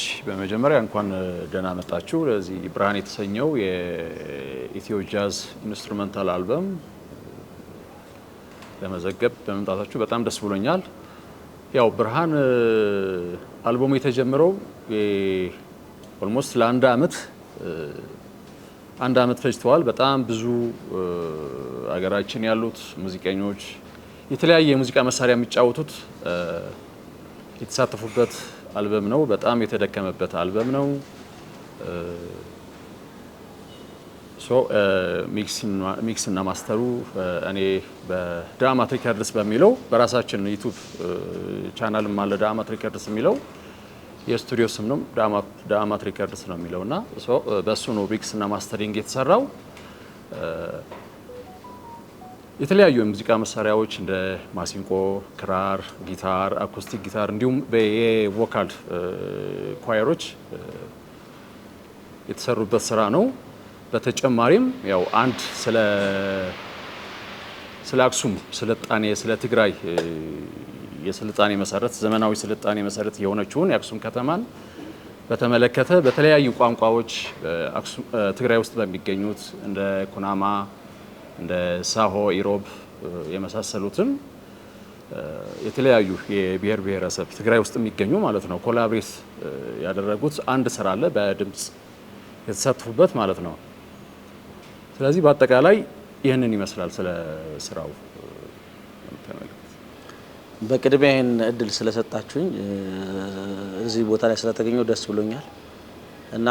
እሺ በመጀመሪያ እንኳን ደህና መጣችሁ ለዚህ ብርሃን የተሰኘው የኢትዮ ጃዝ ኢንስትሩመንታል አልበም ለመዘገብ በመምጣታችሁ በጣም ደስ ብሎኛል። ያው ብርሃን አልበሙ የተጀመረው ኦልሞስት ለአንድ አመት አንድ አመት ፈጅተዋል። በጣም ብዙ አገራችን ያሉት ሙዚቀኞች የተለያየ የሙዚቃ መሳሪያ የሚጫወቱት የተሳተፉበት አልበም ነው። በጣም የተደከመበት አልበም ነው። ሚክስ እና ማስተሩ እኔ በዳማት ሪከርድስ በሚለው በራሳችን ዩቱብ ቻናልም አለ። ዳማት ሪከርድስ የሚለው የስቱዲዮ ስም ነው። ዳማት ሪከርድስ ነው የሚለው እና በእሱ ነው ሚክስ እና ማስተሪንግ የተሰራው። የተለያዩ የሙዚቃ መሳሪያዎች እንደ ማሲንቆ፣ ክራር፣ ጊታር፣ አኩስቲክ ጊታር እንዲሁም የቮካል ኳየሮች የተሰሩበት ስራ ነው። በተጨማሪም ያው አንድ ስለ ስለ አክሱም ስልጣኔ ስለ ትግራይ የስልጣኔ መሰረት ዘመናዊ ስልጣኔ መሰረት የሆነችውን የአክሱም ከተማን በተመለከተ በተለያዩ ቋንቋዎች ትግራይ ውስጥ በሚገኙት እንደ ኩናማ እንደ ሳሆ ኢሮብ የመሳሰሉትን የተለያዩ የብሔር ብሔረሰብ ትግራይ ውስጥ የሚገኙ ማለት ነው ኮላብሬት ያደረጉት አንድ ስራ አለ በድምፅ የተሳተፉበት ማለት ነው። ስለዚህ በአጠቃላይ ይህንን ይመስላል ስለ ስራው። በቅድሚያ ይህን እድል ስለሰጣችሁኝ እዚህ ቦታ ላይ ስለተገኘው ደስ ብሎኛል እና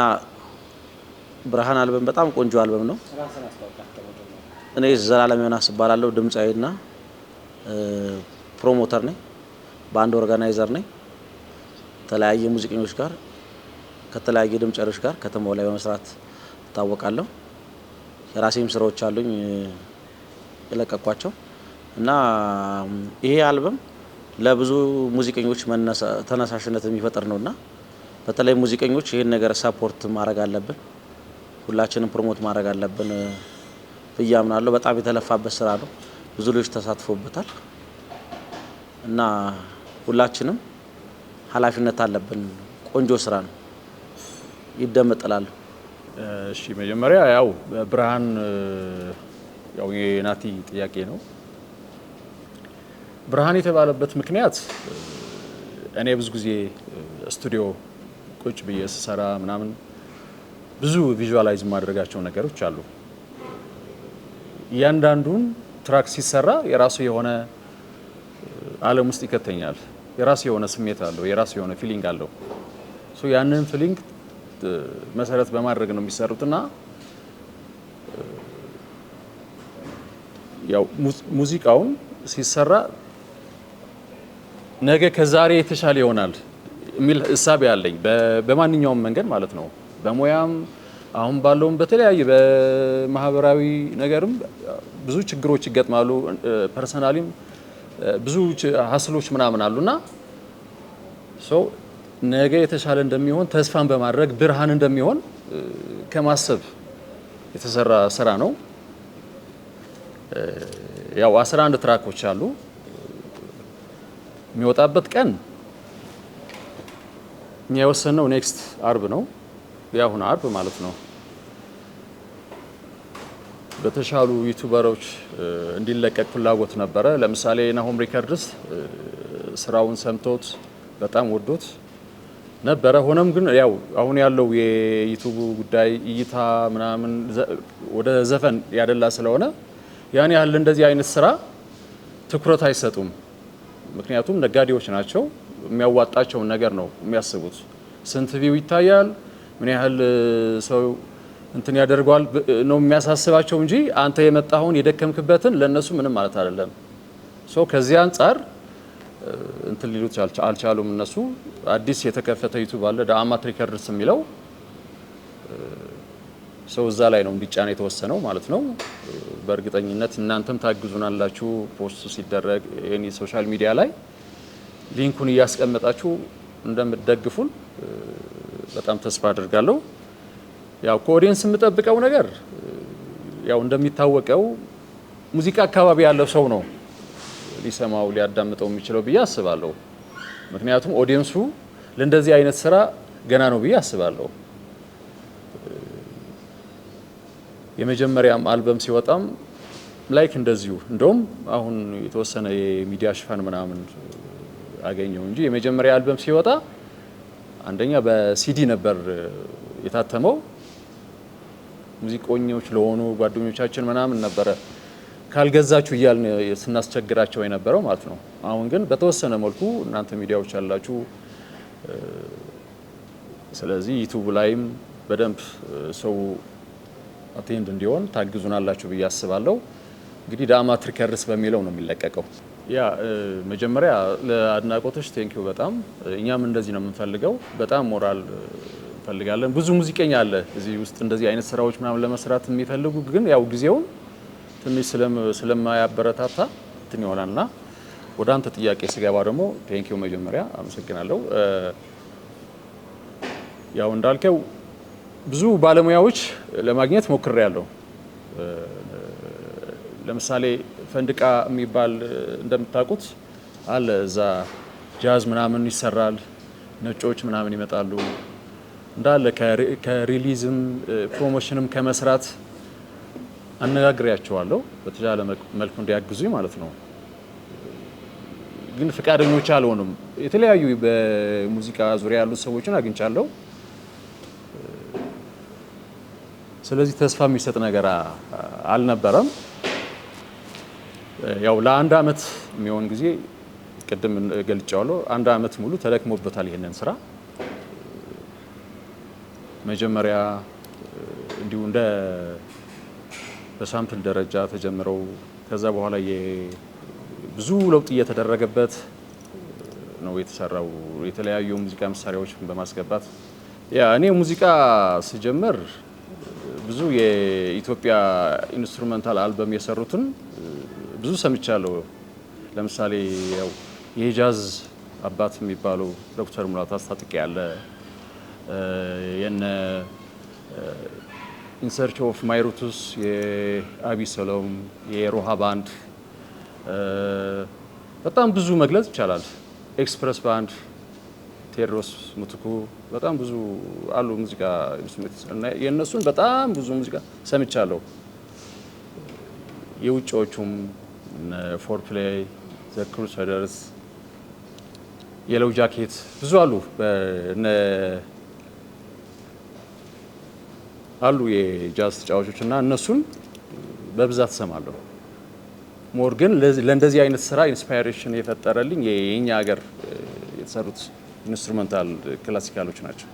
ብርሃን አልበም በጣም ቆንጆ አልበም ነው። እኔ ዘላለም ዮናስ እባላለሁ። ድምፃዊና ፕሮሞተር ነኝ። በአንድ ኦርጋናይዘር ነኝ። ከተለያየ ሙዚቀኞች ጋር ከተለያየ ድምፃዎች ጋር ከተማው ላይ በመስራት እታወቃለሁ። የራሴም ስራዎች አሉኝ የለቀኳቸው እና ይሄ አልበም ለብዙ ሙዚቀኞች ተነሳሽነት የሚፈጥር ነው እና በተለይ ሙዚቀኞች ይህን ነገር ሰፖርት ማድረግ አለብን። ሁላችንም ፕሮሞት ማድረግ አለብን። ብዬ አምናለሁ። በጣም የተለፋበት ስራ ነው። ብዙ ልጆች ተሳትፎበታል እና ሁላችንም ኃላፊነት አለብን። ቆንጆ ስራ ነው። ይደመጥላሉ። እሺ መጀመሪያ ያው ብርሃን ያው የናቲ ጥያቄ ነው። ብርሃን የተባለበት ምክንያት እኔ ብዙ ጊዜ ስቱዲዮ ቁጭ ብዬ ስሰራ ምናምን ብዙ ቪዥዋላይዝ ማድረጋቸው ነገሮች አሉ እያንዳንዱን ትራክ ሲሰራ የራሱ የሆነ ዓለም ውስጥ ይከተኛል። የራሱ የሆነ ስሜት አለው፣ የራሱ የሆነ ፊሊንግ አለው። ያንን ፊሊንግ መሰረት በማድረግ ነው የሚሰሩትና ያው ሙዚቃውን ሲሰራ ነገ ከዛሬ የተሻለ ይሆናል የሚል እሳቤ አለኝ በማንኛውም መንገድ ማለት ነው በሙያም አሁን ባለውም በተለያየ በማህበራዊ ነገርም ብዙ ችግሮች ይገጥማሉ። ፐርሰናሊም ብዙ ሀስሎች ምናምን አሉና ሰው ነገ የተሻለ እንደሚሆን ተስፋን በማድረግ ብርሃን እንደሚሆን ከማሰብ የተሰራ ስራ ነው። ያው 11 ትራኮች አሉ። የሚወጣበት ቀን እኛ የወሰንነው ኔክስት አርብ ነው። የአሁን አርብ ማለት ነው በተሻሉ ዩቱበሮች እንዲለቀቅ ፍላጎት ነበረ። ለምሳሌ ናሆም ሪከርድስ ስራውን ሰምቶት በጣም ወዶት ነበረ። ሆነም ግን ያው አሁን ያለው የዩቱብ ጉዳይ እይታ ምናምን ወደ ዘፈን ያደላ ስለሆነ ያን ያህል እንደዚህ አይነት ስራ ትኩረት አይሰጡም። ምክንያቱም ነጋዴዎች ናቸው፣ የሚያዋጣቸውን ነገር ነው የሚያስቡት። ስንት ቪው ይታያል ምን ያህል ሰው እንትን ያደርገዋል ነው የሚያሳስባቸው እንጂ አንተ የመጣኸውን የደከምክበትን ለእነሱ ምንም ማለት አይደለም። ሶ ከዚህ አንጻር እንትን ሊሉት አልቻሉም። እነሱ አዲስ የተከፈተ ዩቱብ አለ ዳአማት ሪከርድስ የሚለው ሰው እዛ ላይ ነው እንዲጫና የተወሰነው ማለት ነው። በእርግጠኝነት እናንተም ታግዙናላችሁ። ፖስቱ ሲደረግ ሶሻል ሚዲያ ላይ ሊንኩን እያስቀመጣችሁ እንደምትደግፉን በጣም ተስፋ አድርጋለሁ። ያው ከኦዲየንስ የምጠብቀው ነገር ያው እንደሚታወቀው ሙዚቃ አካባቢ ያለው ሰው ነው ሊሰማው ሊያዳምጠው የሚችለው ብዬ አስባለሁ። ምክንያቱም ኦዲየንሱ ለእንደዚህ አይነት ስራ ገና ነው ብዬ አስባለሁ። የመጀመሪያም አልበም ሲወጣም ላይክ እንደዚሁ እንደውም አሁን የተወሰነ የሚዲያ ሽፋን ምናምን አገኘው እንጂ የመጀመሪያ አልበም ሲወጣ አንደኛ በሲዲ ነበር የታተመው። ሙዚቀኞች ለሆኑ ጓደኞቻችን ምናምን ነበረ ካልገዛችሁ እያልን ስናስቸግራቸው የነበረው ማለት ነው። አሁን ግን በተወሰነ መልኩ እናንተ ሚዲያዎች አላችሁ፣ ስለዚህ ዩቱብ ላይም በደንብ ሰው አቴንድ እንዲሆን ታግዙናላችሁ ብዬ አስባለሁ። እንግዲህ ዳማ ትርከርስ በሚለው ነው የሚለቀቀው። ያ መጀመሪያ ለአድናቆቶች ቴንኪው በጣም እኛም እንደዚህ ነው የምንፈልገው። በጣም ሞራል እንፈልጋለን። ብዙ ሙዚቀኛ አለ እዚህ ውስጥ እንደዚህ አይነት ስራዎች ምናምን ለመስራት የሚፈልጉ ግን ያው ጊዜውን ትንሽ ስለማያበረታታ እንትን ይሆናልና ወደ አንተ ጥያቄ ስገባ ደግሞ ቴንኪው መጀመሪያ አመሰግናለሁ። ያው እንዳልከው ብዙ ባለሙያዎች ለማግኘት ሞክሬያለሁ ለምሳሌ ፈንድቃ የሚባል እንደምታውቁት አለ እዛ ጃዝ ምናምን ይሰራል፣ ነጮች ምናምን ይመጣሉ እንዳለ ከሪሊዝም ፕሮሞሽንም ከመስራት አነጋግሬያቸዋለሁ በተቻለ መልኩ እንዲያግዙኝ ማለት ነው። ግን ፈቃደኞች አልሆኑም። የተለያዩ በሙዚቃ ዙሪያ ያሉ ሰዎችን አግኝቻለሁ። ስለዚህ ተስፋ የሚሰጥ ነገር አልነበረም። ያው ለአንድ አመት የሚሆን ጊዜ ቅድም ገልጫዋለሁ። አንድ አመት ሙሉ ተደክሞበታል ይሄንን ስራ መጀመሪያ እንዲሁ እንደ በሳምፕል ደረጃ ተጀምረው ከዛ በኋላ ብዙ ለውጥ እየተደረገበት ነው የተሰራው። የተለያዩ ሙዚቃ መሳሪያዎች በማስገባት ያ እኔ ሙዚቃ ስጀምር ብዙ የኢትዮጵያ ኢንስትሩመንታል አልበም የሰሩትን ብዙ ሰምቻለሁ። ለምሳሌ ያው የሂጃዝ አባት የሚባሉ ዶክተር ሙላት አስታጥቄ ያለ የነ ኢንሰርች ኦፍ ማይሩቱስ የአቢ ሰሎም የሮሃ ባንድ በጣም ብዙ መግለጽ ይቻላል። ኤክስፕረስ ባንድ ቴዎድሮስ ሙትኩ በጣም ብዙ አሉ ሙዚቃ የእነሱን በጣም ብዙ ሙዚቃ ሰምቻለሁ። የውጭዎቹም ፎር ፕሌይ፣ ዘ ክሩሰደርስ፣ የለው ጃኬት ብዙ አሉ አሉ የጃዝ ተጫዋቾች እና እነሱን በብዛት ሰማለሁ ሞር ግን ለእንደዚህ አይነት ስራ ኢንስፓይሬሽን የፈጠረልኝ የኛ ሀገር የተሰሩት ኢንስትሩመንታል ክላሲካሎች ናቸው።